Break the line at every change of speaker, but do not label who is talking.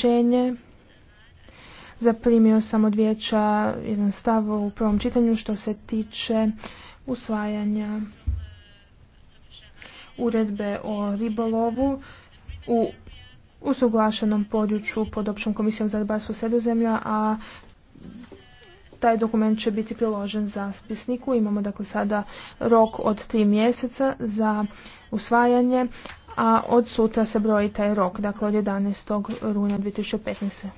priopćenje. Zaprimio sam od vijeća jedan stav u prvom čitanju što se tiče usvajanja uredbe o ribolovu u usuglašenom području pod općom komisijom za ribarstvo sredozemlja, a taj dokument će biti priložen za spisniku. Imamo dakle sada rok od tri mjeseca za usvajanje, a od sutra se broji taj rok, dakle od 11. rujna
2015.